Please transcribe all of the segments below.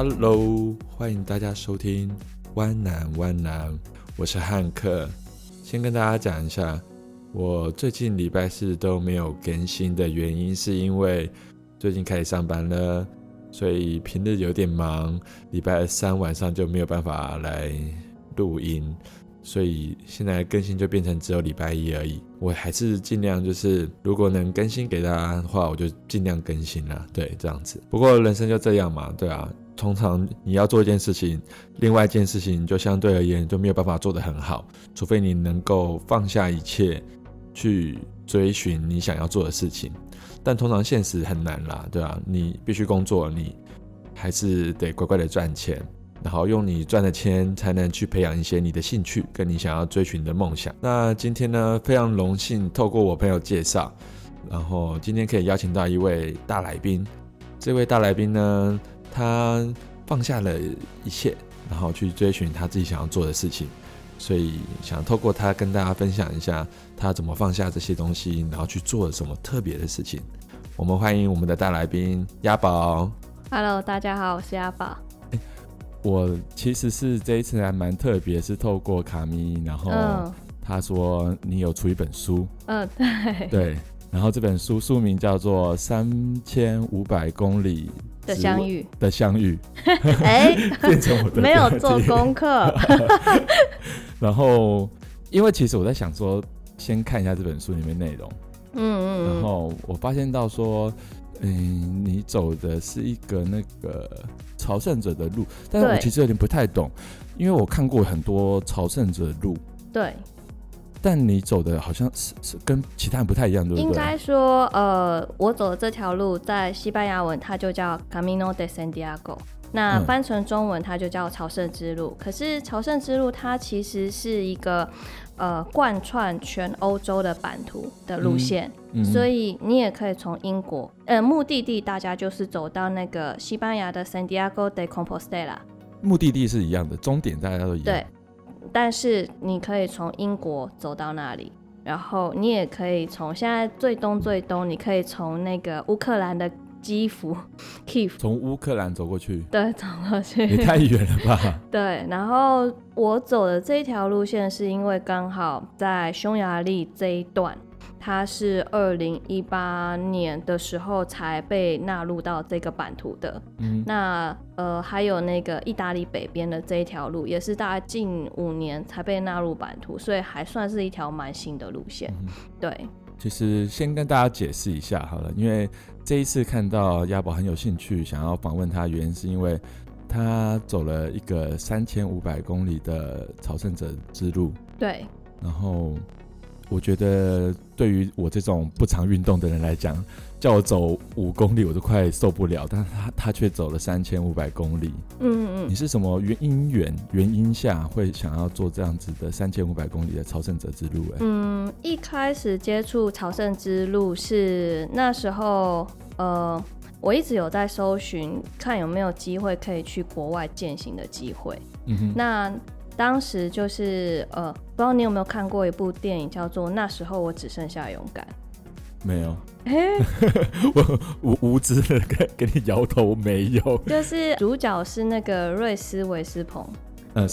Hello，歡迎大家收聽《彎男彎男》，我是漢克。先跟大家講一下，我最近禮拜四都沒有更新的原因，是因為最近開始上班了，所以平日有點忙，禮拜三晚上就沒有辦法來錄音，所以現在更新就變成只有禮拜一而已。我還是儘量就是，如果能更新給大家的話，我就儘量更新了啊。對，這樣子。不過人生就這樣嘛，對啊。通常你要做一件事情，另外一件事情就相對而言就沒有辦法做得很好，除非你能夠放下一切去追尋你想要做的事情。但通常現實很難啦，對吧？你必須工作，你還是得乖乖的賺錢，然後用你賺的錢才能去培養一些你的興趣，跟你想要追尋的夢想。那今天呢，非常榮幸透過我朋友介紹，然後今天可以邀請到一位大來賓，這位大來賓呢。他放下了一切，然後去追尋他自己想要做的事情，所以想透過他跟大家分享一下他怎麼放下這些東西，然後去做了什麼特別的事情。我們歡迎我們的大來賓鴨寶。Hello，大家好，我是鴨寶、欸。我其實是這一次還蠻特別，是透過卡咪，然後他說你有出一本書，嗯、呃，對。對然後這本書書名叫做《三千五百公里的相遇》的相遇，哎，變成我的表情，沒有做功課。 然後，因為其實我在想說，先看一下這本書裡面內容，嗯，嗯嗯。然後我發現到說，嗯、呃，你走的是一個那個朝聖者的路，但是我其實有點不太懂，對因為我看過很多朝聖者的路，對。但你走的好像是是跟其他人不太一樣，對不對？應該說，呃，我走的這條路在西班牙文它就叫 Camino de Santiago，那翻成中文它就叫朝聖之路。嗯、可是朝聖之路它其實是一個呃貫穿全歐洲的版圖的路線，嗯嗯、所以你也可以從英國，呃，目的地大家就是走到那個西班牙的 Santiago de Compostela。目的地是一樣的，終點大家都一樣。對。但是你可以從英國走到那裡，然後你也可以從現在最東最東，你可以從那個烏克蘭的基輔，Kiev 從烏克蘭走過去， 對，走過去也太遠了吧？對，然後我走的這一條路線是因為剛好在匈牙利這一段。它是二零一八年的時候才被納入到這個版圖的。嗯。那呃，還有那個意大利北邊的這一條路，也是大概近五年才被納入版圖，所以還算是一條蠻新的路線。嗯、對。其實先跟大家解釋一下好了，因為這一次看到鴨寶很有興趣想要訪問他，原因是因為他走了一個三千五百公里的朝聖者之路。對。然後。我覺得對於我這種不常運動的人來講，叫我走五公里我都快受不了，但是他他卻走了三千五百公里。嗯嗯。你是什麼原因原原因下會想要做這樣子的三千五百公里的朝聖者之路，欸？嗯，一開始接觸朝聖之路是那時候，呃，我一直有在搜尋，看有沒有機會可以去國外健行的機會。嗯哼。那。當時就是呃，不知道你有沒有看過一部電影，叫做《那時候我只剩下勇敢》？沒有。欸、 我無，無知的給給你搖頭，沒有。就是主角是那個瑞斯維斯彭，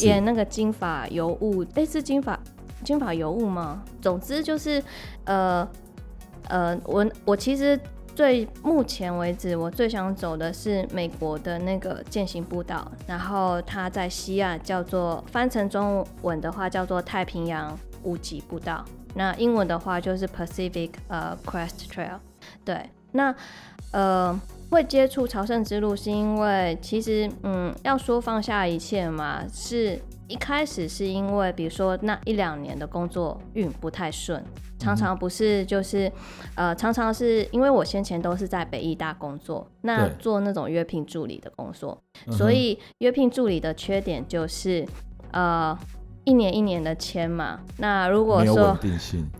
演、嗯、那個金髮尤物。哎是、欸，是金髮金髮尤物嗎？總之就是，呃呃，我我其實。最目前為止，我最想走的是美國的那個健行步道，然後它在西亞叫做翻成中文的話叫做太平洋屋脊步道，那英文的話就是 Pacific 呃、uh, Crest Trail。對，那呃，會接觸朝聖之路是因為其實嗯，要說放下一切嘛，是。一開始是因為，比如說那一兩年的工作運不太順，嗯、常常不是就是，呃，常常是因為我先前都是在北藝大工作，那做那種約聘助理的工作，對所以約聘助理的缺點就是，嗯、哼呃。一年一年的籤嘛，那如果說，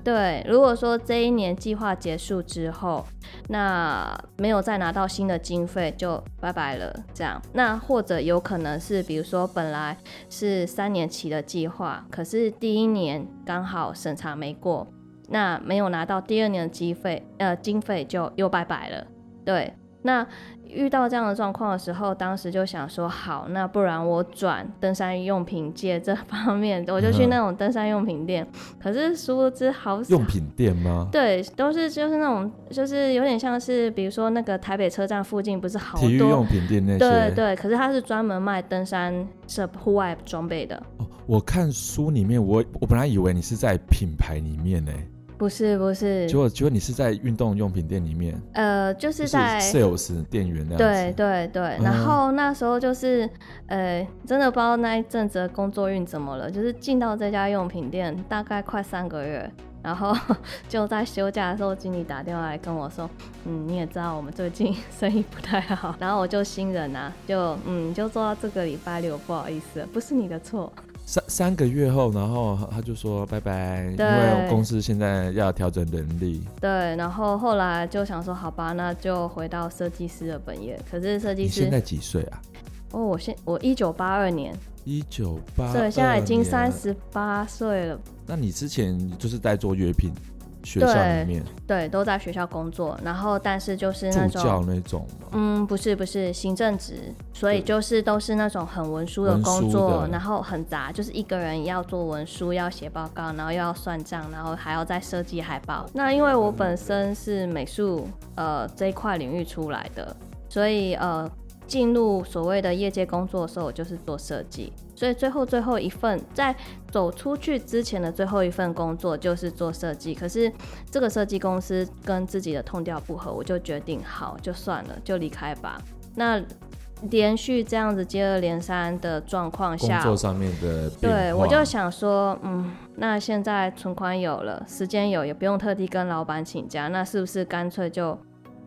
對，如果說這一年計劃結束之後，那沒有再拿到新的經費就拜拜了，這樣。那或者有可能是，比如說本來是三年期的計劃，可是第一年剛好審查沒過，那沒有拿到第二年的經費，呃，經費就又拜拜了，對，那。遇到這樣的狀況的時候，當時就想說好，那不然我轉登山用品界這方面，我就去那種登山用品店。嗯、哼可是殊不知好。用品店嗎？對，都是就是那種，就是有點像是，比如說那個台北車站附近不是好多體育用品店那些，對，對對。可是他是專門賣登山設戶外裝備的，哦。我看書裡面，我我本來以為你是在品牌裡面呢。欸。不是不是，就就你是在運動用品店裡面，呃，就是在 sales 店員那樣子。對對對，然後那時候就是，呃、嗯欸，真的不知道那一陣子的工作運怎麼了，就是進到這家用品店大概快三個月，然後 就在休假的時候，經理打電話來跟我說，嗯，你也知道我們最近生意不太好，然後我就新人啊，就嗯就做到這個禮拜六，不好意思，不是你的錯。三三個月後，然後他就說拜拜，對因為我公司現在要調整人力。對，然後後來就想說，好吧，那就回到設計師的本業。可是設計師現在幾歲啊？哦，我現我一九八二年，一九八，對，現在已經三十八歲了。那你之前就是在做約聘？學校裡面對，對，都在學校工作，然後但是就是那種，那種嗯，不是不是行政職，所以就是都是那種很文書的工作，然後很雜，就是一個人要做文書，要寫報告，然後又要算賬，然後還要再設計海報。那因為我本身是美術呃這一塊領域出來的，所以呃進入所謂的業界工作的時候，我就是做設計。所以最後最後一份在走出去之前的最後一份工作就是做設計，可是這個設計公司跟自己的痛調不合，我就決定好就算了，就離開吧。那連續這樣子接二連三的狀況下，工作上面的變化，對，我就想說，嗯，那現在存款有了，時間有，也不用特地跟老闆請假，那是不是乾脆就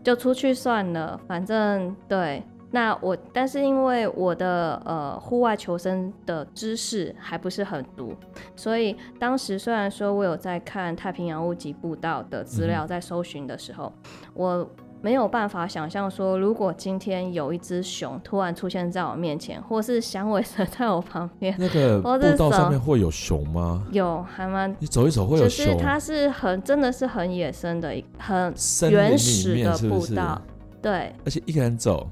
就出去算了？反正對。那我，但是因為我的呃戶外求生的知識還不是很足，所以當時雖然說我有在看《太平洋屋脊步道》的資料，在搜尋的時候，嗯、我沒有辦法想象說，如果今天有一隻熊突然出現在我面前，或是響尾蛇在我旁邊，那個步道，走步道上面會有熊嗎？有，還蠻。你走一走會有熊？就是它是很真的是很野生的，很原始的步道，對。而且一個人走。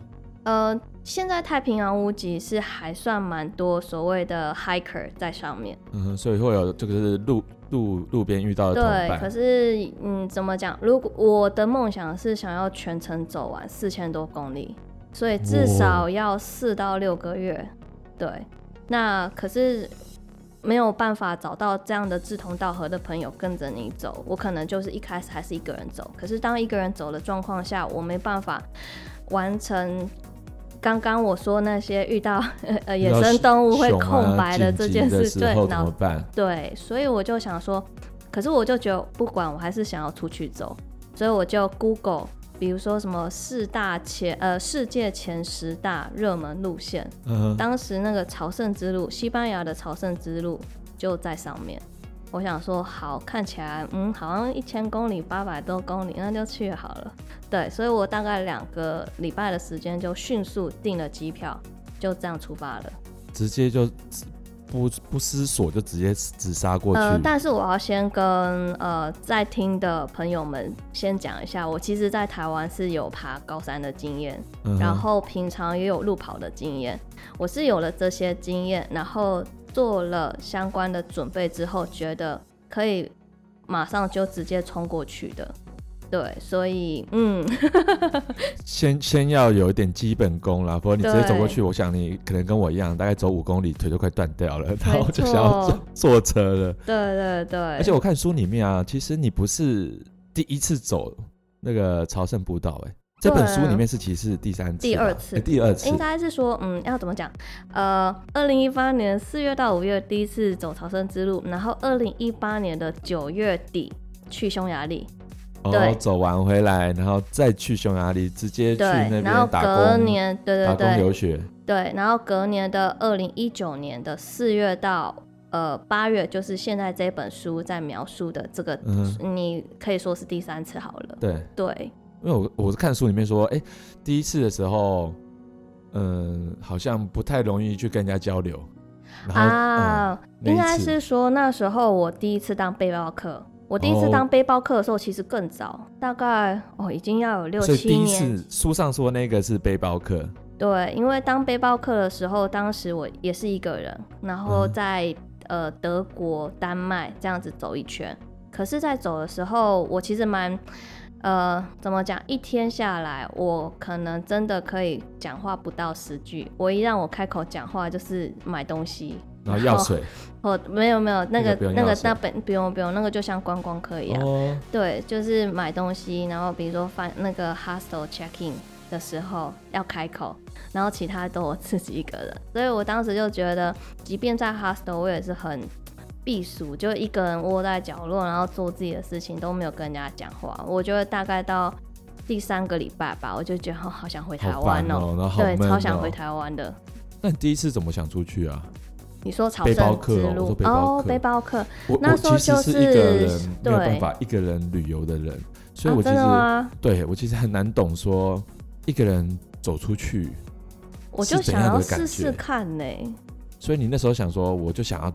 呃，現在太平洋屋脊是還算蠻多所謂的 hiker 在上面，嗯，所以會有這個是路對路路邊遇到的。對，可是嗯，怎麼講？如果我的夢想是想要全程走完四千多公里，所以至少要四到六個月。哦、對，那可是沒有辦法找到這樣的志同道合的朋友跟着你走，我可能就是一開始還是一個人走。可是當一個人走的狀況下，我沒辦法完成。剛剛我說那些遇到呃野生動物會空白的這件事，對、啊，怎麼辦？對，所以我就想說，可是我就覺得不管，我還是想要出去走，所以我就 Google，比如說什麼四大前呃世界前十大熱門路線，嗯、哼當時那個朝聖之路，西班牙的朝聖之路就在上面。我想說好，好看起來，嗯，好像一千公里，八百多公里，那就去了好了。對，所以我大概兩個禮拜的時間就迅速訂了機票，就這樣出發了。直接就不不思索，就直接直殺過去。呃，但是我要先跟呃在聽的朋友們先講一下，我其實在台灣是有爬高山的經驗，嗯、然後平常也有路跑的經驗。我是有了這些經驗，然後。做了相關的準備之後，覺得可以馬上就直接衝過去的，對，所以嗯， 先先要有一點基本功了，不過你直接走過去，對我想你可能跟我一樣，大概走五公里，腿都快斷掉了，然後就想要坐沒錯坐車了。對對對，而且我看書裡面啊，其實你不是第一次走那個朝聖步道哎。這本書裡面是其實是第三次、啊、第二次、欸、第二次，應該是說，嗯，要怎麼講？呃，二零一八年四月到五月第一次走朝聖之路，然後二零一八年的九月底去匈牙利，對哦，走完回來，然後再去匈牙利，直接去那邊打工，對，然後隔年，對對對打工留學，對，然後隔年的二零一九年的四月到呃八月，就是現在這本書在描述的這個，嗯，你可以說是第三次好了，對，對。因為我我是看書裡面說，哎，第一次的時候，嗯，好像不太容易去跟人家交流。啊，嗯、應該是說那時候我第一次當背包客。我第一次當背包客的時候其實更早，哦、大概哦已經要有六七年。所以第一次書上說那個是背包客。對，因為當背包客的時候，當時我也是一個人，然後在、嗯、呃德國、丹麥這樣子走一圈。可是，在走的時候，我其實蠻。呃，怎麼講？一天下來，我可能真的可以講話不到十句。唯一讓我開口講話就是買東西，然後藥水。然後 哦，沒有沒有，那個那個那本不用不用，那個就像觀光客一樣，oh. 對，就是買東西。然後比如說，放那個 hostel check in 的時候要開口，然後其他都我自己一個人。所以我當時就覺得，即便在 hostel，我也是很。避暑，就一個人窩在角落，然後做自己的事情，都沒有跟人家講話。我覺得大概到第三個禮拜吧，我就覺得、喔、好想回台灣哦，對，超想回台灣的。那你第一次怎麼想出去啊？你說朝聖者之路哦，背包客。那時候就是、我其實是一個人沒有辦法一個人旅遊的人，對所以我其實、啊、真的嗎？對，我其實很難懂說一個人走出去，我就想要試試看呢、欸。所以你那時候想說，我就想要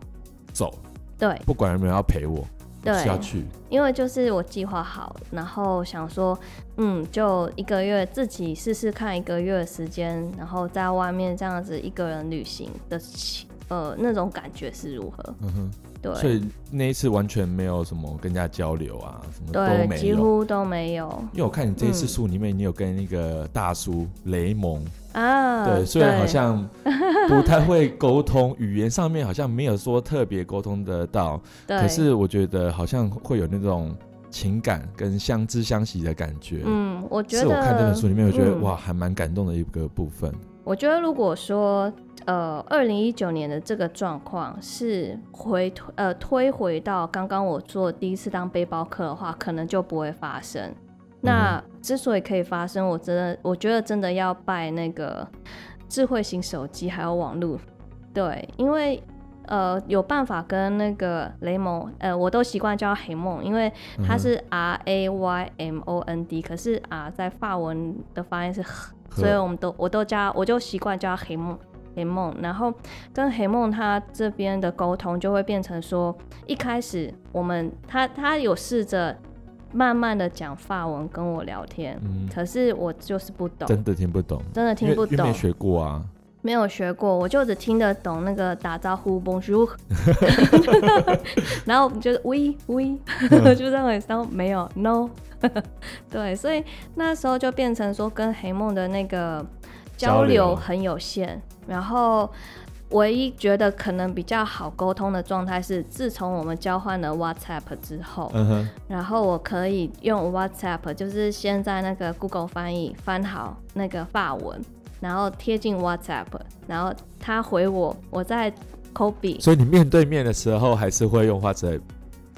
走。對，不管有沒有要陪我，對下去，因為就是我計劃好，然後想說，嗯，就一個月自己試試看一個月的時間，然後在外面這樣子一個人旅行的，呃，那種感覺是如何？嗯哼對，所以那一次完全沒有什麼跟人家交流啊，什麼都沒有，幾乎都沒有。因為我看你這一次書裡面，嗯、你有跟一個大叔雷蒙。啊，對，雖然好像不太會溝通， 語言上面好像沒有說特別溝通得到，對可是我覺得好像會有那種情感跟相知相惜的感覺。嗯，我覺得是我看這本書裡面我覺得、嗯、哇，還蠻感動的一個部分。我覺得如果說呃，二零一九年的這個狀況是回呃推回到剛剛我做第一次當背包客的話，可能就不會發生。那之所以可以發生，我真的我覺得真的要拜那個智慧型手機還有網絡，對，因為呃有辦法跟那個雷蒙，呃我都習慣叫黑夢，因為他是 R A Y M O N D，嗯哼，可是 R 在法文的發音是呵，所以我們都我都叫我就習慣叫黑夢黑夢，然後跟黑夢他這邊的溝通就會變成說，一開始我們他他有試着。慢慢的講法文跟我聊天，嗯、可是我就是不懂，真的聽不懂，真的聽不懂。沒學過啊？沒有學過，我就只聽得懂那個打招呼 Bonjour，然後就是喂，喂，就這樣，然後沒有 No， 對，所以那時候就變成說跟黑夢的那個交流很有限，交流，然後。唯一覺得可能比較好溝通的狀態是，自從我們交換了 WhatsApp 之後，嗯、哼然後我可以用 WhatsApp，就是先在那個 Google 翻譯翻好那個發文，然後貼進 WhatsApp，然後他回我，我再 copy。所以你面對面的時候還是會用 WhatsApp。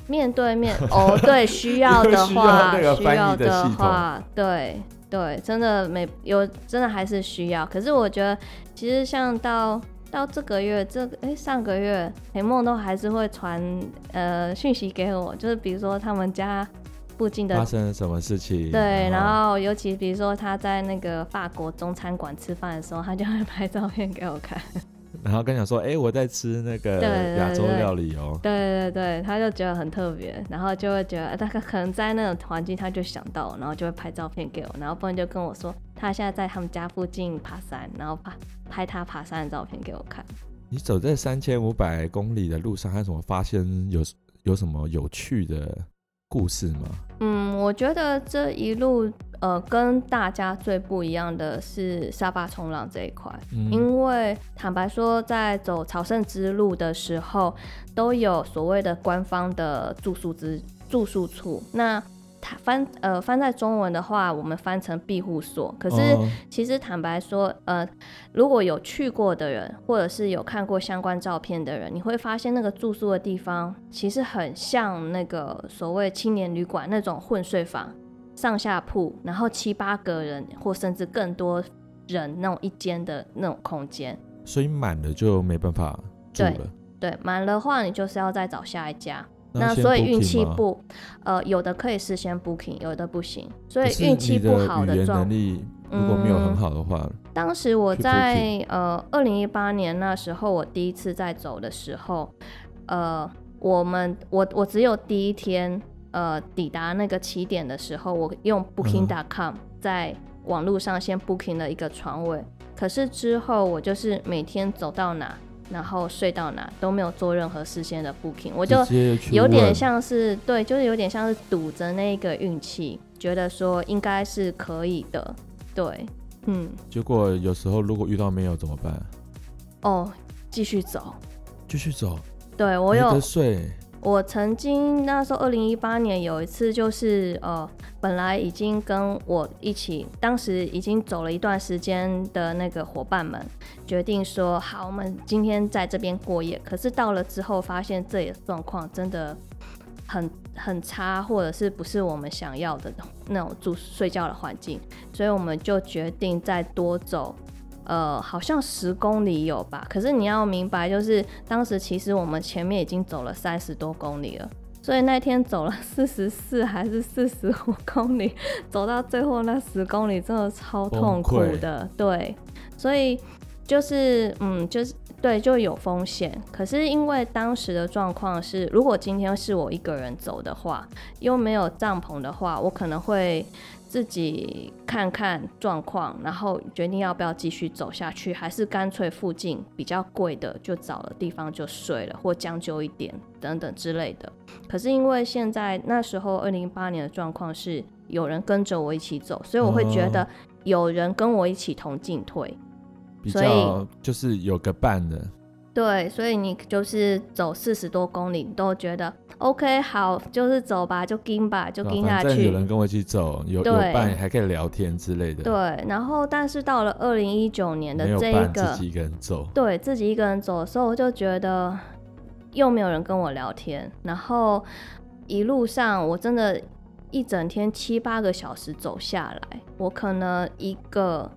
面對面哦，對，需要的話， 需要的話，需要的話，對對，真的沒有，真的還是需要。可是我覺得，其實像到到這個月，這個哎、欸、上個月，美夢都還是會傳呃訊息給我，就是比如說他們家附近的發生了什麼事情，對，然後，然後尤其比如說他在那個法國中餐館吃飯的時候，他就會拍照片給我看。然後跟你講說，哎、欸，我在吃那個亞洲料理哦，對對對。對對對，他就覺得很特別，然後就會覺得他可能在那種環境，他就想到，然後就會拍照片給我，然後不然就跟我說，他現在在他們家附近爬山，然後爬，拍他爬山的照片給我看。你走在三千五百公里的路上，還有什麼發現有？有有什麼有趣的？故事嗎？嗯，我覺得這一路，呃，跟大家最不一樣的是沙發衝浪這一塊，嗯、因為坦白說，在走朝聖之路的時候，都有所謂的官方的住宿之住宿處，那。翻呃翻，在中文的話，我們翻成庇護所。可是其實坦白說，呃，如果有去過的人，或者是有看過相關照片的人，你會發現那個住宿的地方其實很像那個所謂青年旅館那種混睡房，上下鋪，然後七八個人或甚至更多人那種一間的那種空間。所以滿了就沒辦法住了。對對，滿了的話你就是要再找下一家。那所以運氣不，呃，有的可以事先 booking，有的不行。所以運氣不好的狀態，如果沒有很好的話，嗯、當時我在 book 呃二零一八年那時候，我第一次在走的時候，呃，我們我我只有第一天呃抵達那個起點的時候，我用 booking dot com 在網路上先 booking 了一個床位，嗯、可是之後我就是每天走到哪。然後睡到哪都沒有做任何事先的 booking，我就有點像是對，就是有點像是賭着那個運氣，覺得說應該是可以的，對，嗯。結果有時候如果遇到沒有怎麼辦？哦，繼續走，繼續走。對我有睡。我曾經那時候二零一八年有一次，就是呃，本來已經跟我一起，當時已經走了一段時間的那個夥伴們，決定說好，我們今天在這邊過夜。可是到了之後，發現這裡的狀況真的很很差，或者是不是我們想要的那種住睡覺的環境，所以我們就決定再多走。呃，好像十公里有吧？可是你要明白，就是當時其實我們前面已經走了三十多公里了，所以那天走了四十四還是四十五公里，走到最後那十公里真的超痛苦的。崩潰。對，所以就是嗯，就是對，就有風險。可是因為當時的狀況是，如果今天是我一個人走的話，又沒有帳篷的話，我可能會。自己看看狀況，然後決定要不要繼續走下去，還是乾脆附近比較貴的就找了地方就睡了，或將就一點等等之類的。可是因為現在那時候二零一八年的狀況是有人跟着我一起走，所以我會覺得有人跟我一起同進退，哦，所以比較就是有個伴的。對，所以你就是走四十多公里，都覺得 OK，好，就是走吧，就盯吧，就盯下去。啊、反正有人跟我一起走，有對有伴，還可以聊天之類的。對，然後但是到了二零一九年的這一個，沒有伴，自己一個人走。對，自己一個人走的時候，我就覺得又沒有人跟我聊天，然後一路上我真的，一整天七八個小時走下來，我可能一個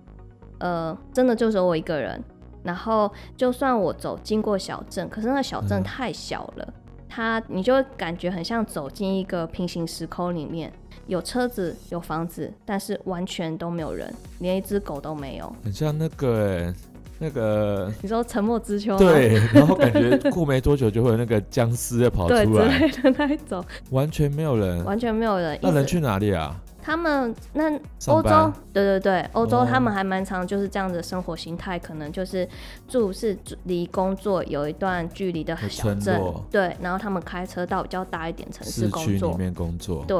呃，真的就是我一個人。然後就算我走經過小鎮，可是那小鎮太小了，它、嗯、你就感覺很像走進一個平行時空裡面，有車子，有房子，但是完全都沒有人，連一隻狗都沒有。很像那個、欸，那個你說《沉默之丘》嗎？對，然後感覺過沒多久就會有那個殭屍跑出來 的那一種，完全沒有人，完全沒有人，那人去哪裡啊？他們那歐洲，班對對對，歐洲他們還蠻常，就是這樣子的生活形態，可能就是住是離工作有一段距離的小鎮，對，然後他們開車到比較大一點城市工作，是去裡面工作，對，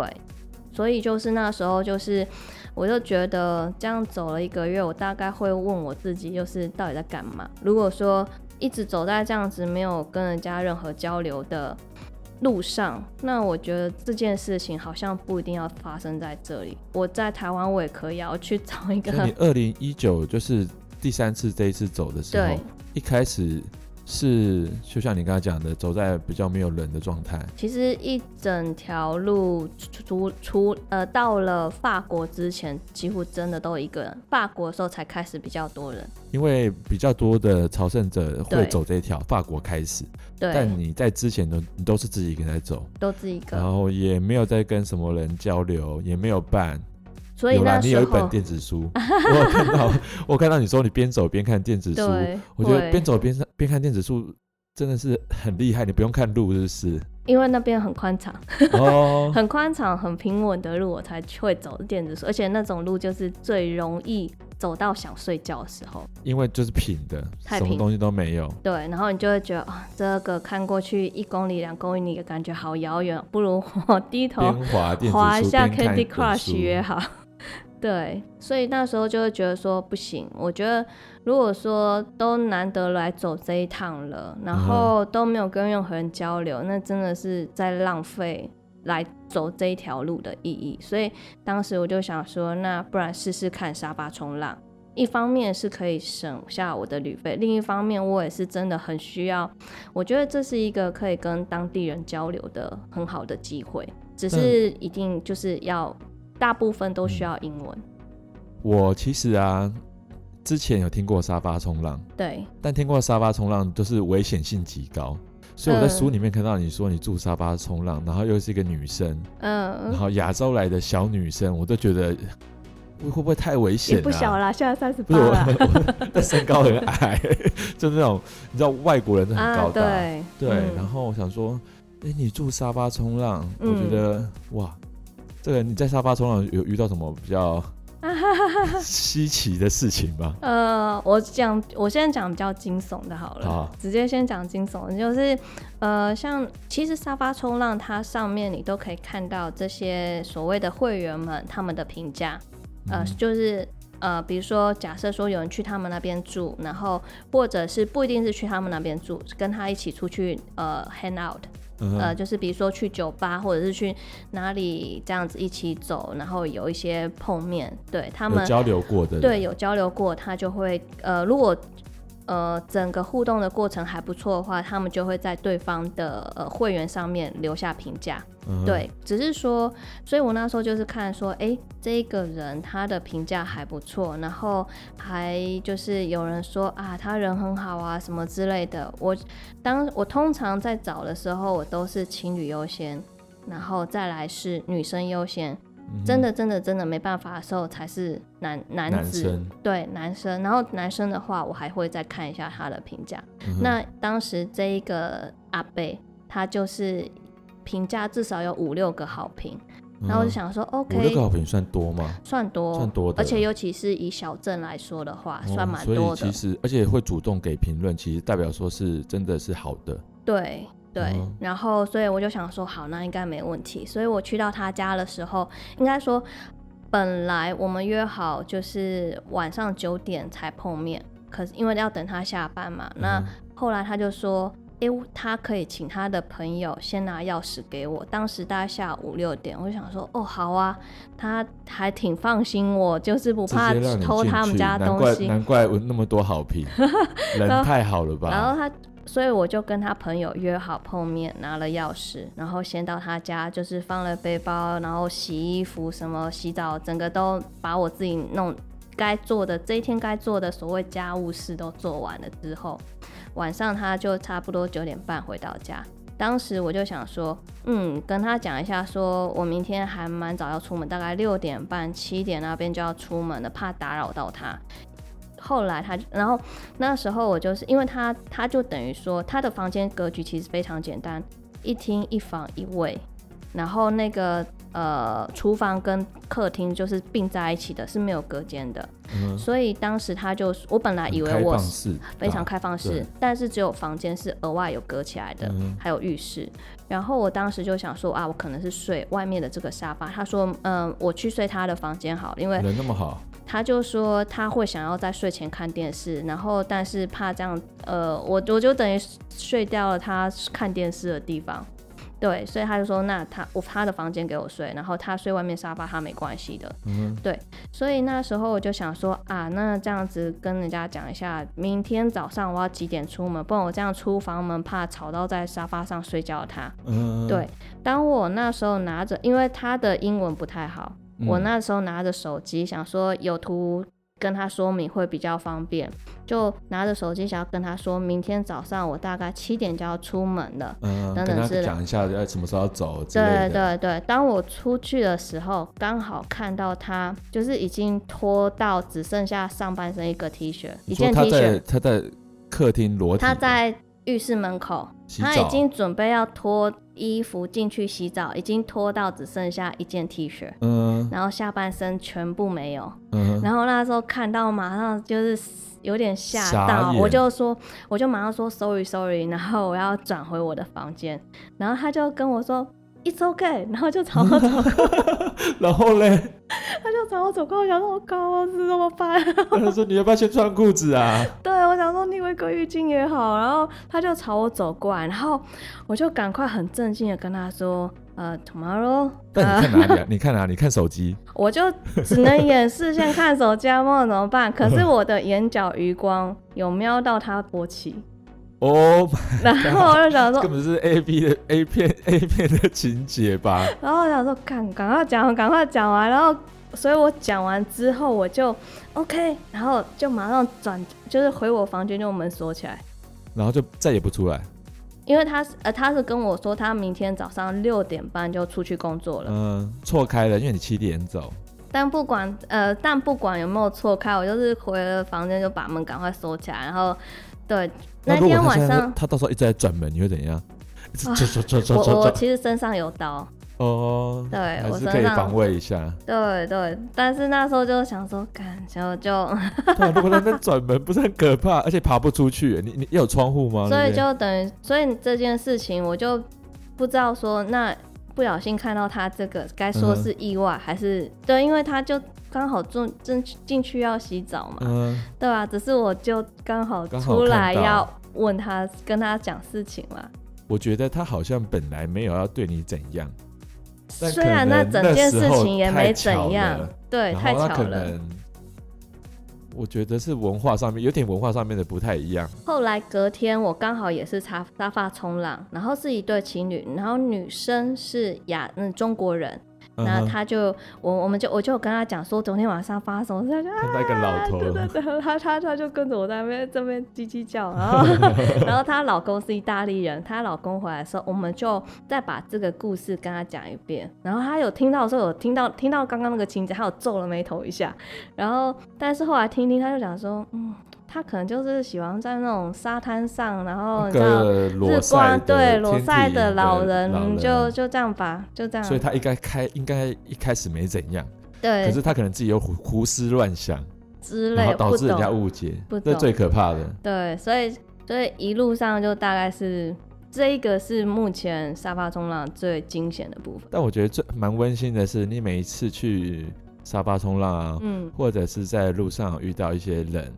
所以就是那時候就是，我就覺得這樣走了一個月，我大概會問我自己，就是到底在幹嘛？如果說一直走在這樣子，沒有跟人家任何交流的。路上，那我覺得這件事情好像不一定要發生在這裡。我在台灣我也可以啊，我去找一個。你二零一九就是第三次這一次走的時候，對一開始。是，就像你剛才講的，走在比較沒有人的狀態。其實一整條路，除除呃到了法國之前，幾乎真的都一個人。法國的時候才開始比較多人，因為比較多的朝聖者會走這條。對法國開始，對。但你在之前呢你都是自己一個人在走，都自己一個，然後也沒有在跟什麼人交流，也沒有伴。所以有啦，你有一本電子書， 我有看到，我看到你說你邊走邊看電子書，對我覺得邊走邊邊對看電子書真的是很厲害，你不用看路，是不是？因為那邊很寬敞，哦， 很寬敞，很平穩的路，我才會走電子書，而且那種路就是最容易走到想睡覺的時候。因為就是平的，平什麼東西都沒有。對，然後你就會覺得啊、哦，這個看過去一公里、兩公里，你感覺好遙遠，不如我低頭滑一下 Candy Crush 也好。對，所以那時候就會覺得說不行。我覺得如果說都難得來走這一趟了，然後都沒有跟任何人交流，那真的是在浪費來走這一條路的意義。所以當時我就想說，那不然試試看沙發衝浪。一方面是可以省下我的旅費，另一方面我也是真的很需要。我覺得這是一個可以跟當地人交流的很好的機會，只是一定就是要。大部分都需要英文、嗯。我其實啊，之前有聽過沙發衝浪，對，但聽過沙發衝浪就是危險性極高，所以我在書裡面看到你說你住沙發衝浪，然後又是一個女生，嗯，然後亞洲來的小女生，我都覺得會會不會太危險，啊？不小啦，現在三十八了我我我，身高很矮， 就那種你知道外國人都很高大，對、啊，對，對嗯、然後我想說，哎、欸，你住沙發衝浪，我覺得、嗯、哇。這個你在沙發衝浪有遇到什麼比較稀奇的事情嗎？啊、哈哈哈哈呃，我講，我現在講比較驚悚的好了，啊、直接先講驚悚，就是呃，像其實沙發衝浪它上面你都可以看到這些所謂的會員們他們的評價，嗯、呃，就是呃，比如說假設說有人去他們那邊住，然後或者是不一定是去他們那邊住，跟他一起出去呃 hang out。嗯、呃，就是比如說去酒吧，或者是去哪裡這樣子一起走，然後有一些碰面對他們有交流過的，對，對，有交流過，他就會呃，如果。呃，整個互動的過程還不錯的話，他們就會在對方的呃會員上面留下評價。嗯、哼對，只是說，所以我那時候就是看說，哎，這個人他的評價還不錯，然後還就是有人說啊，他人很好啊，什麼之類的。我當我通常在找的時候，我都是情侶優先，然後再來是女生優先。嗯、真的，真的，真的沒辦法的時候才是男男子，男生對男生。然後男生的話，我還會再看一下他的評價。嗯、哼那當時這一個阿伯，他就是評價至少有五六個好評。嗯、哼然後我就想說，OK，五六個好評算多嗎？算多，算多的。而且尤其是以小鎮來說的話，哦、算蠻多的。所以其實，而且會主動給評論，其實代表說是真的是好的。對。對，嗯、然後所以我就想說，好，那應該沒問題。所以我去到他家的時候，應該說本來我們約好就是晚上九點才碰面，可是因為要等他下班嘛。嗯、那後來他就說、欸，他可以請他的朋友先拿鑰匙給我。當時大概下午六點，我就想說，哦，好啊，他還挺放心我，就是不怕偷他們家的東西。難怪，難怪我那麼多好評， 人太好了吧？然後，然後他。所以我就跟他朋友約好碰面，拿了鑰匙，然後先到他家，就是放了背包，然後洗衣服什麼，洗澡，整個都把我自己弄該做的這一天該做的所謂家務事都做完了之後，晚上他就差不多九點半回到家，當時我就想說，嗯，跟他講一下說，說我明天還蠻早要出門，大概六點半、七點那邊就要出門了，怕打擾到他。後來他，然後那時候我就是，因為他，他就等於說，他的房間格局其實非常簡單，一廳一房一衛，然後那個呃廚房跟客廳就是並在一起的，是沒有隔間的，嗯、所以當時他就，我本來以為臥室非常開放式，放啊、但是只有房間是額外有隔起來的，嗯、還有浴室。然後我當時就想說啊，我可能是睡外面的這個沙發。他說，嗯，我去睡他的房間好，因為人那麼好。他就說他會想要在睡前看電視，然後但是怕這樣，呃，我我就等於睡掉了他看電視的地方，對，所以他就說那他我他的房間給我睡，然後他睡外面沙發，他沒關係的，嗯，對，所以那時候我就想說啊，那這樣子跟人家講一下，明天早上我要幾點出門，不然我這樣出房門怕吵到在沙發上睡覺的他，嗯，對，當我那時候拿着，因為他的英文不太好。我那時候拿着手機，嗯、想說有圖跟他說明會比較方便，就拿着手機想要跟他說明天早上我大概七點就要出門了，嗯，等等是講一下要什麼時候走之類的。對對對，當我出去的時候，剛好看到他就是已經脫到只剩下上半身一個 T 恤，一件 T 恤，他在客廳裸體。他在浴室門口，他已經準備要脫衣服進去洗澡，洗澡已經脫到只剩下一件 T 恤。嗯、然後下半身全部沒有，嗯嗯然後那時候看到，馬上就是有點嚇到，傻眼我就說，我就馬上說，sorry sorry，然後我要轉回我的房間，然後他就跟我說，it's okay，然後就朝我走， 然後嘞。他就朝我走過來，我想說：“我搞我是怎麼辦？” 他就說：“你要不要先穿褲子啊？”對，我想說：“你圍個浴巾也好。”然後他就朝我走過來，然後我就趕快很正經的跟他說：“呃，t o 怎麼了？”但 你看哪裡？你看哪裡？你看手機？ 我就只能演視線看手機， 我怎麼辦？可是我的眼角餘光有瞄到他勃起。哦，oh、my 然後我就想說，根本是 AB 的 A 片 A 片 A 片的情節吧？然後我想說，趕趕快講，趕快講完，然後。所以我講完之後，我就 OK，然後就馬上轉，就是回我房間，就門鎖起來，然後就再也不出來。因為他是呃，他是跟我說他明天早上六點半就出去工作了。嗯、呃，錯開了，因為你七點走。但不管呃，但不管有沒有錯開，我就是回了房間就把門趕快鎖起來。然後對，那天晚上他，他，他到時候一直在轉門，你會怎樣？一直轉轉轉轉轉。我我其實身上有刀。哦，oh, 對，還是可以防衛一下。對對，但是那時候就想說，感覺就 如果在那轉門不是很可怕，而且爬不出去，你你有窗戶嗎？所以就等於，對對，所以這件事情我就不知道說，那不小心看到他這個，該說是意外、嗯、哼還是？對，因為他就剛好正正進去要洗澡嘛，嗯、對吧、啊？只是我就剛好出來要問他，跟他講事情嘛。我覺得他好像本來沒有要對你怎樣。雖然那整件事情也沒怎樣，沒怎樣，對，太巧了。我覺得是文化上面有點文化上面的不太一樣。後來隔天我剛好也是插沙發衝浪，然後是一對情侶，然後女生是亞嗯，中國人。那他就、uh huh. 我我們就我就跟他講說昨天晚上發生什麼事，就啊，他對對對，他他他就跟着我在那邊這邊嘰嘰叫，然後 然後她老公是意大利人，她老公回來的時候，我們就再把這個故事跟他講一遍，然後他有聽到的時候有聽到聽到剛剛那個情節，他有皺了眉頭一下，然後但是後來聽聽他就講說，嗯。他可能就是喜歡在那種沙灘上，然後這個日光對裸曬的，的老人就就這樣吧，就這樣。所以他應該開應該一開始沒怎樣，對。可是他可能自己又胡思亂想之類，然後導致人家誤解，這是最可怕的。對，所以所以一路上就大概是這一個，是目前沙發衝浪最驚險的部分。但我覺得最蠻溫馨的是，你每一次去沙發衝浪，嗯，或者是在路上遇到一些人。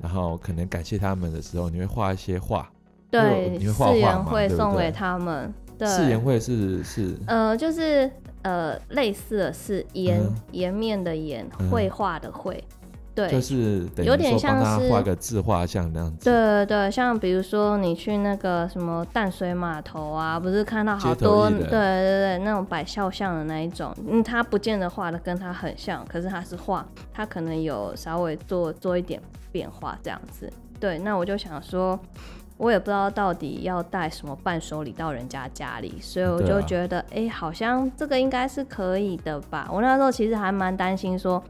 然後可能感謝他們的時候，你會畫一些畫，對，你會畫畫嘛，是顏繪送給他們，是對對顏繪是是，呃，就是呃，類似的是顏顏、嗯、面的顏，繪畫的繪。嗯對，就是有點像是畫個自畫像那樣子。對對對，像比如說你去那個什麼淡水碼頭啊，不是看到好多對對對那種擺肖像的那一種，嗯，他不見得畫的跟他很像，可是他是畫，他可能有稍微做做一點變化這樣子。對，那我就想說，我也不知道到底要帶什麼伴手禮到人家家裡，所以我就覺得，哎，好像這個應該是可以的吧。我那時候其實還蠻擔心說。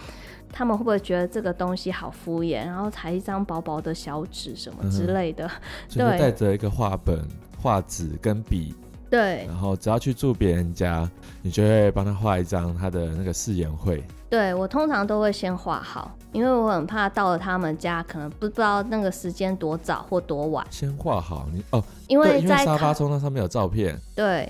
他們會不會覺得這個東西好敷衍？然後裁一張薄薄的小紙什麼之類的，嗯、就對，帶着一個畫本、畫紙跟筆，對，然後只要去住別人家，你就會幫他畫一張他的那個誓言會。對，我通常都會先畫好，因為我很怕到了他們家，可能不不知道那個時間多早或多晚。先畫好你哦因，因為在沙發衝浪上面有照片，對。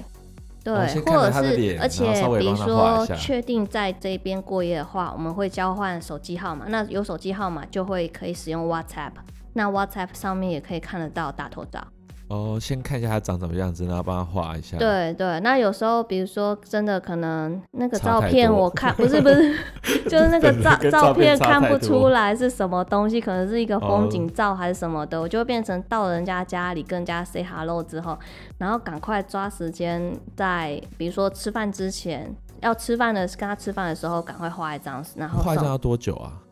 對，或者是，而且，比如說，確定在這邊過夜的話，我們會交換手機號碼。那有手機號碼就會可以使用 WhatsApp，那 WhatsApp 上面也可以看得到大頭照。哦，先看一下他長什麼樣子，然後幫他畫一下。對對，那有時候比如說真的可能那個照片我看太 不是不是， 就是那個照照片，照片看不出來是什麼東西，可能是一個風景照還是什麼的，我、哦、就會變成到人家家裡跟人家 say hello 之後，然後趕快抓時間在比如說吃飯之前要吃飯的跟他吃飯的時候，趕快畫一張，然後畫一張要多久啊？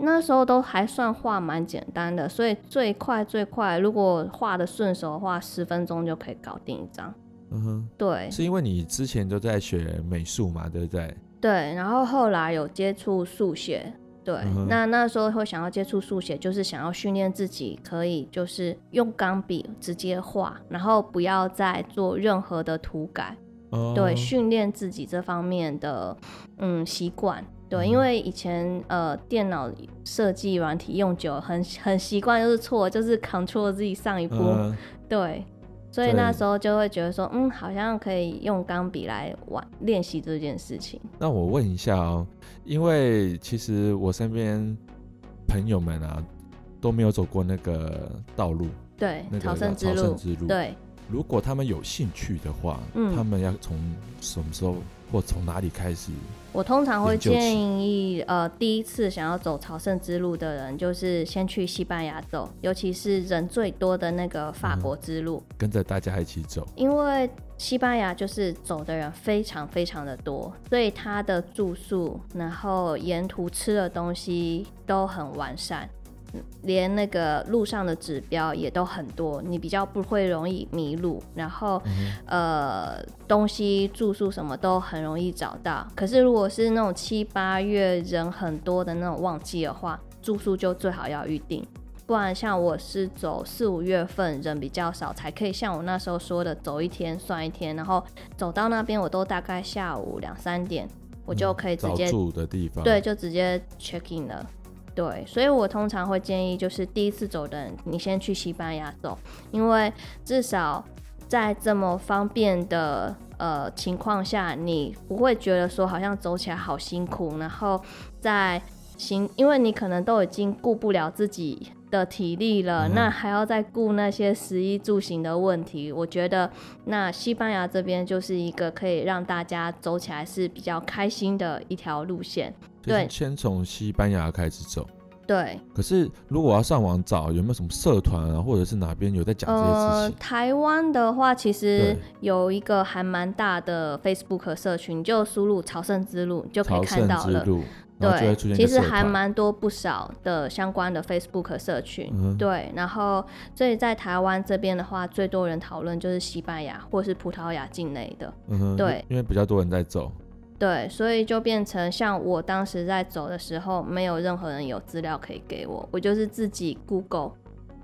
那時候都還算畫蠻簡單的，所以最快最快，如果畫得順手的話，十分鐘就可以搞定一張。嗯哼，對，是因為你之前都在學美術嘛，對不對？對，然後後來有接觸速寫，對，嗯哼，那那時候會想要接觸速寫，就是想要訓練自己可以就是用鋼筆直接畫，然後不要再做任何的塗改。哦，對，訓練自己這方面的嗯習慣。習慣對，因為以前呃電腦設計軟體用久了，很很習慣，就是錯，就是 Ctrl Z 上一步，呃、對，所以那時候就會覺得說，對嗯，好像可以用鋼筆來玩練習這件事情。那我問一下哦，因為其實我身邊朋友們啊都沒有走過那個道路，對，那個朝聖之路，朝聖之路對。如果他們有興趣的話，嗯、他們要從什麼時候或從哪裡開始？我通常會建議，呃，第一次想要走朝聖之路的人，就是先去西班牙走，尤其是人最多的那個法國之路，嗯、跟着大家一起走。因為西班牙就是走的人非常非常的多，所以他的住宿，然後沿途吃的東西都很完善。連那個路上的指標也都很多，你比較不會容易迷路。然後，嗯哼，呃，東西住宿什麼都很容易找到。可是如果是那種七八月人很多的那種旺季的話，住宿就最好要預定，不然像我是走四五月份人比較少，才可以像我那時候說的，走一天算一天，然後走到那邊我都大概下午兩三點，嗯、我就可以直接找住的地方。對，就直接 check in 了。對，所以我通常會建議，就是第一次走的人，你先去西班牙走，因為至少在這麼方便的呃情況下，你不會覺得說好像走起來好辛苦，然後再行，因為你可能都已經顧不了自己。的體力了，嗯、那還要再顧那些食衣住行的問題。我覺得那西班牙這邊就是一個可以讓大家走起來是比較開心的一條路線。對，先從西班牙開始走。對。可是如果我要上網找有沒有什麼社團啊，或者是哪邊有在講這些事情？呃、台灣的話，其實有一個還蠻大的 Facebook 社群，對就輸入朝聖之路，就可以看到了。朝聖之路。對，其實還蠻多不少的相關的 Facebook 社群，嗯、哼對，然後所以在台灣這邊的話，最多人討論就是西班牙或是葡萄牙境內的，嗯、哼對，因為比較多人在走，對，所以就變成像我當時在走的時候，沒有任何人有資料可以給我，我就是自己 Google。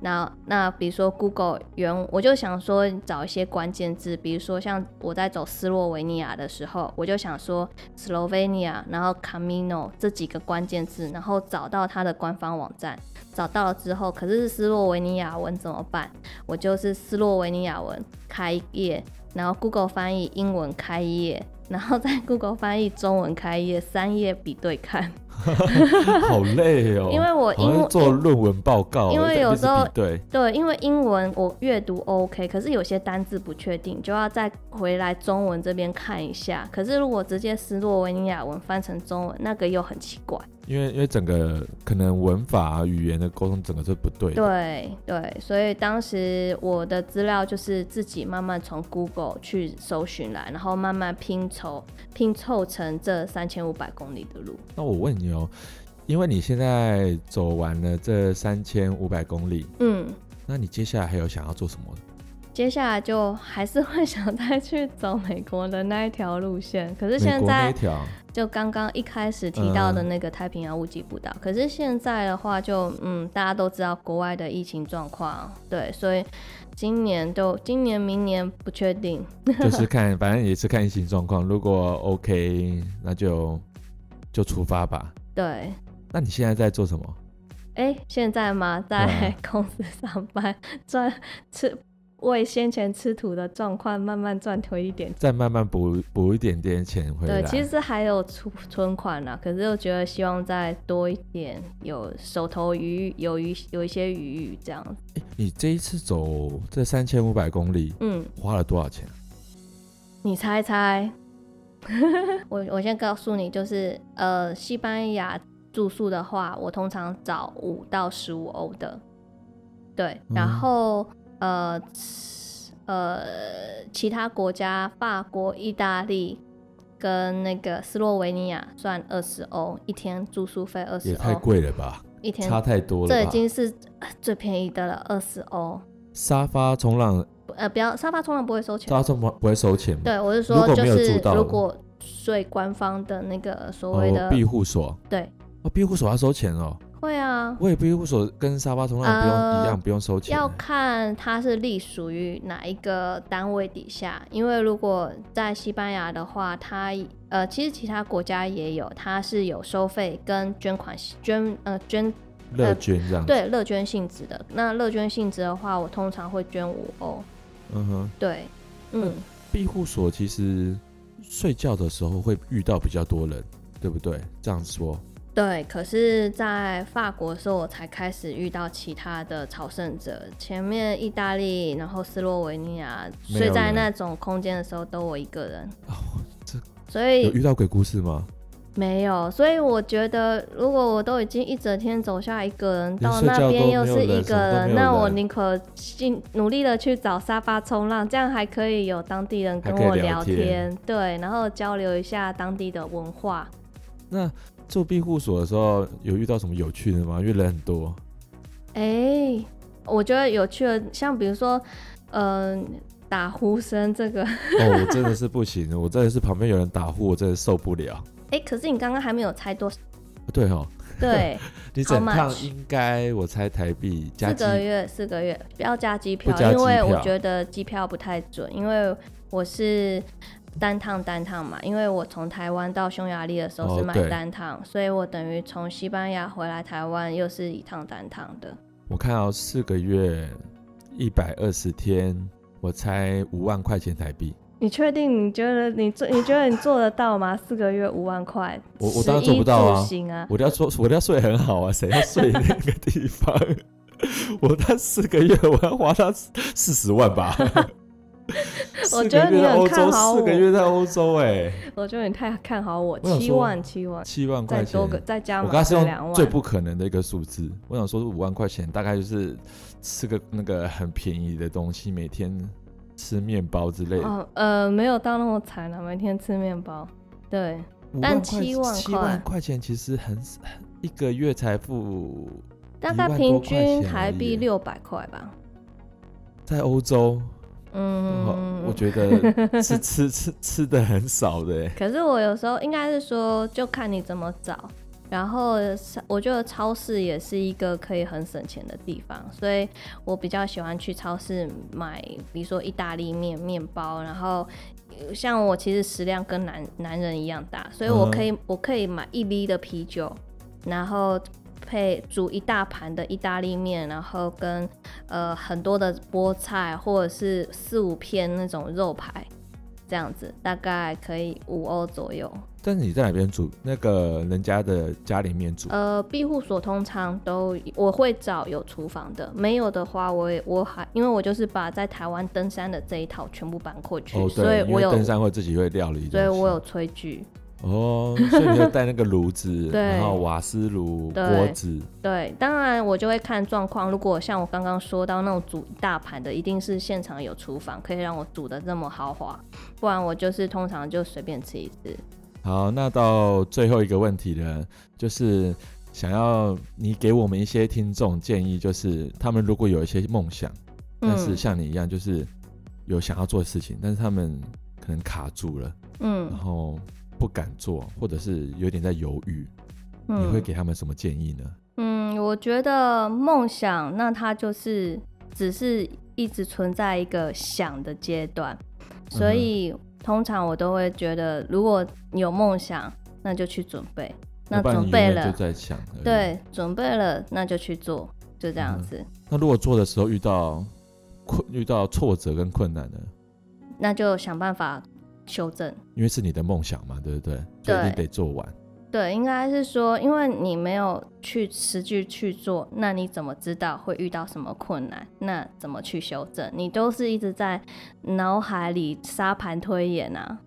那那比如說 Google 原，我就想說找一些關鍵字，比如說像我在走斯洛維尼亞的時候，我就想說 Slovenia，然後 Camino 這幾個關鍵字，然後找到它的官方網站。找到了之後，可是斯洛維尼亞文怎麼辦？我就是斯洛維尼亞文開業，然後 Google 翻譯英文開業，然後再 Google 翻譯中文開業，三頁比對看。 好累哦、喔，因為我英做論文報告，因為有時候對對，因為英文我閱讀 OK，可是有些單字不確定，就要再回來中文這邊看一下。可是如果直接斯洛文尼亞文翻成中文，那個又很奇怪。因為因為，整個可能文法語言的溝通整個是不對的。對對，所以當時我的資料就是自己慢慢從 Google 去搜尋來，然後慢慢拼湊拼湊成這三千五百公里的路。那我問你哦，因為你現在走完了這三千五百公里，嗯，那你接下來還有想要做什麼？接下來就還是會想再去走美國的那一條路線，可是現在就剛剛一開始提到的那個太平洋屋脊步道，嗯、可是現在的話就嗯，大家都知道國外的疫情狀況，對，所以今年都今年明年不確定，就是看反正 也是看疫情狀況，如果 OK，那就就出發吧。對，那你現在在做什麼？哎、欸，現在嗎？在公司上班，賺、嗯、吃。為先前吃土的狀況慢慢賺回一點，再慢慢補補一點點錢回來。對，其實還有儲存款啊，可是又覺得希望再多一點，有手頭餘有餘有一些餘裕這樣。欸，你這一次走這三千五百公里，嗯，花了多少錢？你猜猜？ 我我先告訴你，就是呃，西班牙住宿的話，我通常找五到十五歐的，對，然後。嗯呃，呃，其他國家，法國、意大利跟那個斯洛維尼亞，算二十歐，一天住宿費，二十歐也太貴了吧？一天差太多了，這已經是最便宜的了，二十歐。沙發衝浪，呃，不要沙發衝浪不會收錢，沙發衝浪不會收錢。收錢，對，我是說，就是如果睡官方的那個所謂的、哦、庇護所，對，哦，庇護所要收錢哦。會啊，為庇護所跟沙發同樣不用、呃、一樣，不用收錢。要看它是隸屬於哪一個單位底下，因為如果在西班牙的話，它呃，其實其他國家也有，它是有收費跟捐款捐呃捐、呃、樂捐這樣。對，樂捐性質的，那樂捐性質的話，我通常會捐五歐。嗯哼，對，嗯，庇護所其實睡覺的時候會遇到比較多人，對不對？這樣說。對，可是，在法國的時候，我才開始遇到其他的朝聖者。前面意大利，然後斯洛維尼亞，睡在那種空間的時候，都我一個人。哦，這所以有遇到鬼故事嗎？沒有。所以我覺得，如果我都已經一整天走下來一個人，到那邊又是一個人，人人那我寧可盡努力的去找沙發衝浪，這樣還可以有當地人跟我聊天，聊天對，然後交流一下當地的文化。那。住庇護所的時候有遇到什麼有趣的嗎？因為人很多。哎、欸，我覺得有趣的，像比如說，嗯、呃，打呼聲這個。哦，我真的是不行， 我真的是旁邊有人打呼，我真的受不了。哎、欸，可是你剛剛還沒有猜多少，啊。對哦，對。 你整趟應該 How much? 我猜台幣加。四個月，四個月不要加機票，機票因為我覺得機票不太準，因為我是。單趟單趟嘛，因為我從台灣到匈牙利的時候是買單趟，哦、所以我等於從西班牙回來台灣又是一趟單趟的。我看到四個月一百二十天，我猜五萬塊錢台幣。你確定？你覺得你，你做？你覺得你做得到嗎？四 個月五萬塊？我我當然做不到啊！啊我都要做，我都要睡很好啊！誰要睡那個地方？ 我但四個月我要花他四十萬吧。 我覺得你很看好我，四個月在歐洲哎、欸！我覺得你太看好我，我七萬七萬七萬塊錢，再多個再加最兩萬，最不可能的一個數字。我想說是五萬塊錢，大概就是吃個那個很便宜的東西，每天吃麵包之類的，哦。呃，沒有到那麼慘了，啊，每天吃麵包。對，塊但七萬塊七萬塊錢其實很一個月才付大概平均台幣六百塊吧，在歐洲。嗯、哦，我覺得是吃吃吃的很少的。 可是我有時候應該是說，就看你怎麼找。然後，我覺得超市也是一個可以很省錢的地方，所以我比較喜歡去超市買，比如說意大利麵、麵包。然後，像我其實食量跟男男人一樣大，所以我可以、嗯、哼我可以買 1L 的啤酒，然後。配煮一大盤的意大利麵，然後跟呃很多的菠菜，或者是四五片那種肉排，這樣子大概可以五歐左右。但是你在哪邊煮？那個人家的家裡面煮？呃，庇護所通常都我會找有廚房的，沒有的話我，我也我還因為我就是把在台灣登山的這一套全部搬過去，哦、對所以我有登山會自己會料理，所以我有炊具。哦，所以你就帶那個爐子， 對然後瓦斯爐、鍋對子對。對，當然我就會看狀況。如果像我剛剛說到那種煮一大盤的，一定是現場有廚房可以讓我煮得這麼豪華。不然我就是通常就隨便吃一次。好，那到最後一個問題呢，就是想要你給我們一些聽眾建議，就是他們如果有一些夢想，嗯、但是像你一樣，就是有想要做的事情，但是他們可能卡住了。嗯，然後。不敢做，或者是有點在猶豫，嗯、你會給他們什麼建議呢？嗯，我覺得夢想，那它就是只是一直存在一個想的階段，嗯、哼所以通常我都會覺得，如果有夢想，那就去準備。那準備了就在想，對，準備了那就去做，就這樣子。嗯、那如果做的時候遇到困遇到挫折跟困難呢？那就想辦法。修正，因為是你的夢想嘛，對不對？對，你得做完。對，應該是說，因為你沒有去持續去做，那你怎麼知道會遇到什麼困難？那怎麼去修正？你都是一直在腦海裡沙盤推演啊。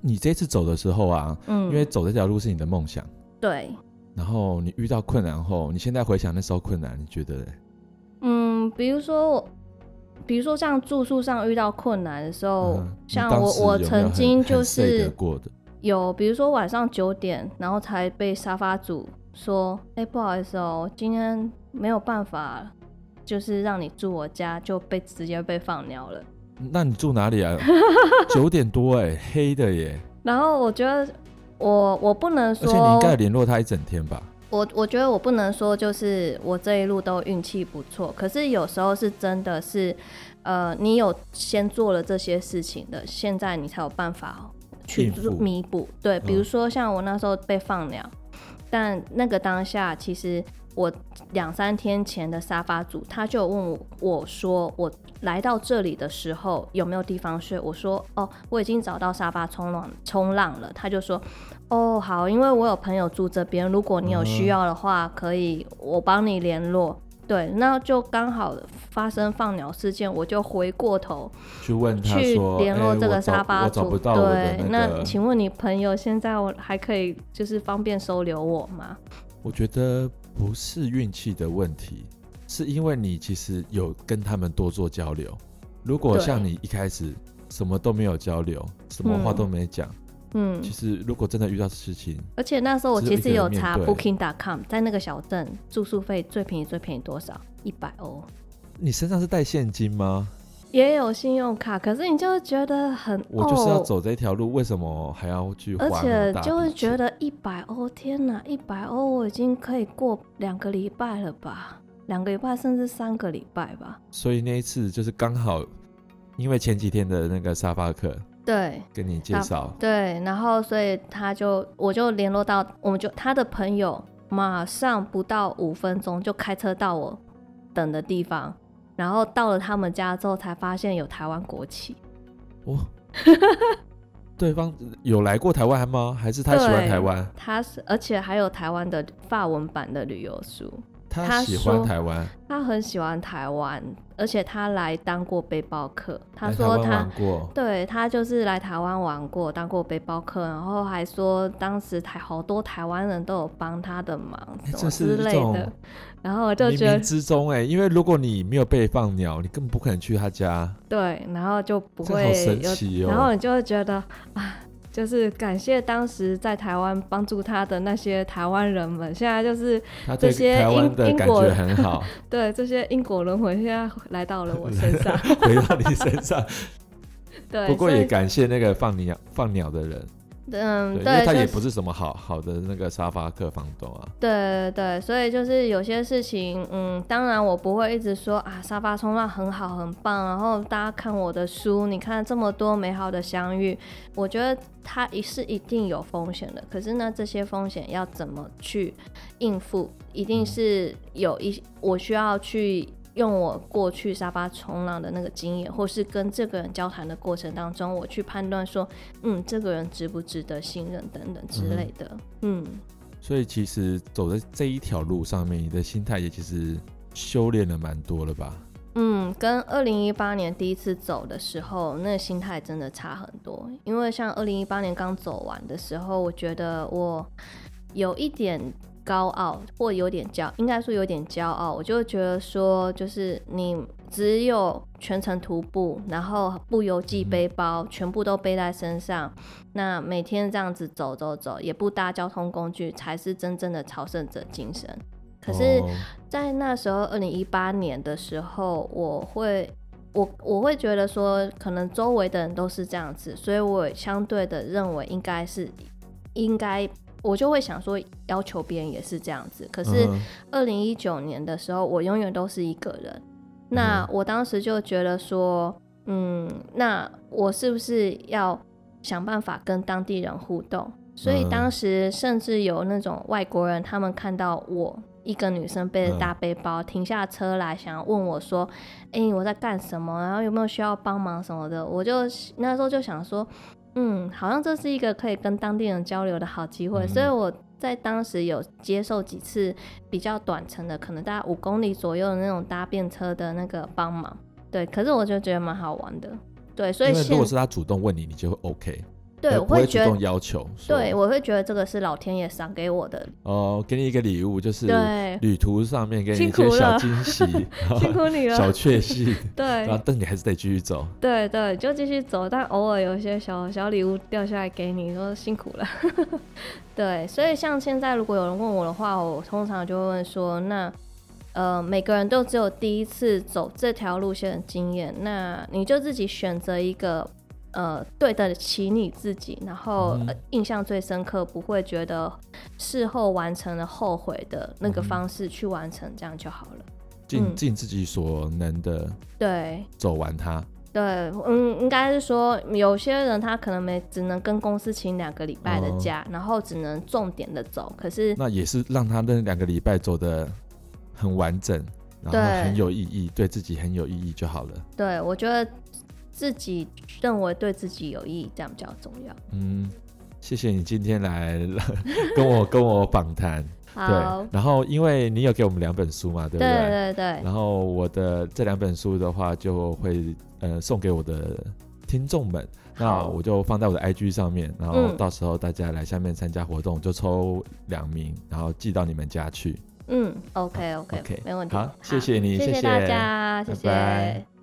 你這次走的時候啊，嗯，因為走這條路是你的夢想，對。然後你遇到困難後，你現在回想那時候困難，你覺得呢？嗯，比如說我。比如說像住宿上遇到困難的時候，嗯、像我有有我曾經就是有，比如說晚上九點，然後才被沙發主說，哎、欸，不好意思哦、喔，今天沒有辦法，就是讓你住我家，就被直接被放鳥了。那你住哪裡啊？九點多哎、欸， 黑的耶。然後我覺得我我不能說，而且你應該聯絡他一整天吧。我我覺得我不能說，就是我這一路都運氣不錯，可是有時候是真的是，呃，你有先做了這些事情的，現在你才有辦法去彌補。幸福。對，比如說像我那時候被放鳥，哦、但那個當下其實我兩三天前的沙發組他就問我，我說我來到這裡的時候有沒有地方睡，我說哦，我已經找到沙發衝浪衝浪了，他就說。哦，好，因為我有朋友住這邊，如果你有需要的話，嗯、可以我幫你聯絡。對，那就剛好發生放鳥事件，我就回過頭去問他說，他，去聯絡這個沙發主。我找不到。對，那請問你朋友現在我還可以就是方便收留我嗎？我覺得不是運氣的問題，是因為你其實有跟他們多做交流。如果像你一開始什麼都沒有交流，什麼話都沒講。嗯嗯，其實如果真的遇到事情，而且那時候我其實有查 Booking.com，在那個小鎮住宿費最便宜最便宜多少？一百歐。你身上是帶現金嗎？也有信用卡，可是你就覺得很，我就是要走這條路，哦、為什麼還要去？而且就會覺得一百歐，天哪，一百歐我已經可以過兩個禮拜了吧？兩個禮拜甚至三個禮拜吧。所以那一次就是剛好，因為前幾天的那個沙發客。對，跟你介紹。對，然後所以他就我就聯絡到，我們就他的朋友，馬上不到五分鐘就開車到我等的地方，然後到了他們家之後才發現有台灣國旗。哦， 對方有來過台灣嗎？還是他喜歡台灣？他是，而且還有台灣的法文版的旅遊書。他喜歡台灣，他，他很喜歡台灣，而且他來當過背包客。他說他，對，他就是來台灣玩過，當過背包客，然後還說當時台好多台灣人都有幫他的忙、欸、這是之類的。然後我就覺得，冥冥之中哎、欸，因為如果你沒有被放鳥，你根本不可能去他家。對，然後就不會，喔、然後你就會覺得啊。就是感謝當時在台灣幫助他的那些台灣人們，現在就是這些因，他對台灣的感覺很好。因果，對這些因果輪迴，現在來到了我身上， 回到你身上。 對，不過也感謝那個放鳥放鳥的人。嗯，對，對，對他也不是什麼好，就是，好的那個沙發客房東啊。對對對，所以就是有些事情，嗯，當然我不會一直說啊，沙發衝浪很好很棒，然後大家看我的書，你看這麼多美好的相遇，我覺得它也是一定有風險的。可是呢，這些風險要怎麼去應付，一定是有一，嗯，我需要去。用我過去沙發衝浪的那個經驗，或是跟這個人交談的過程當中，我去判斷說，嗯，這個人值不值得信任等等之類的。嗯，嗯，所以其實走在這一條路上面，你的心態也其實修煉了蠻多了吧？嗯，跟二零一八年第一次走的時候，那個、心態真的差很多。因為像二零一八年剛走完的時候，我覺得我有一點。高傲，或有點驕，應該說有點驕傲。我就覺得說，就是你只有全程徒步，然後不郵寄背包，嗯、全部都背在身上，那每天這樣子走走走，也不搭交通工具，才是真正的朝聖者精神。可是，在那時候，二零一八年的時候，我會，我我會覺得說，可能周圍的人都是這樣子，所以我相對的認為應該是應該。我就會想說，要求別人也是這樣子。可是，二零一九年的時候，我永遠都是一個人。Uh huh. 那我當時就覺得說，嗯，那我是不是要想辦法跟當地人互動？Uh huh. 所以當時甚至有那種外國人，他們看到我，uh huh. 一個女生背着大背包停下車來，想要問我說：“誒，uh huh. 我在幹什麼啊？然後有沒有需要幫忙什麼的？”我就那時候就想說。嗯，好像這是一個可以跟當地人交流的好機會，嗯、所以我在當時有接受幾次比較短程的，可能大概五公里左右的那種搭便車的那個幫忙。對，可是我就覺得蠻好玩的。對，所以因為如果是他主動問你，你就會 OK。對，我會覺得、欸、會主動要求。對，我會覺得這個是老天爺賞給我的。哦，給你一個禮物，就是旅途上面給你一些小驚喜，辛苦你了，小確幸。對，然後但你還是得繼續走。對對，就繼續走，但偶爾有一些小小禮物掉下來給你，說辛苦了。 對，所以像現在，如果有人問我的話，我通常就會問說：那呃，每個人都只有第一次走這條路線的經驗，那你就自己選擇一個。呃，對得起你自己，然後、嗯、呃、印象最深刻，不會覺得事後完成了後悔的那個方式去完成，嗯、這樣就好了。盡盡自己所能的、嗯，對，走完它。對，嗯，應該是說，有些人他可能沒只能跟公司請兩個禮拜的假，哦、然後只能重點的走。可是那也是讓他那兩個禮拜走得很完整，然後很有意義，對，對自己很有意義就好了。對我覺得。自己認為對自己有益，這樣比較重要。嗯，謝謝你今天來呵呵跟我 跟我訪談。好對。然後，因為你有給我們兩本書嘛，對不對？對，對，對，對然後我的這兩本書的話，就會呃送給我的聽眾們。那好我就放在我的 IG 上面，然後到時候大家來下面參加活動，就抽兩名，然後寄到你們家去。嗯，OK 好 OK OK，沒問題。好，謝謝你，謝謝大家，謝謝。拜拜。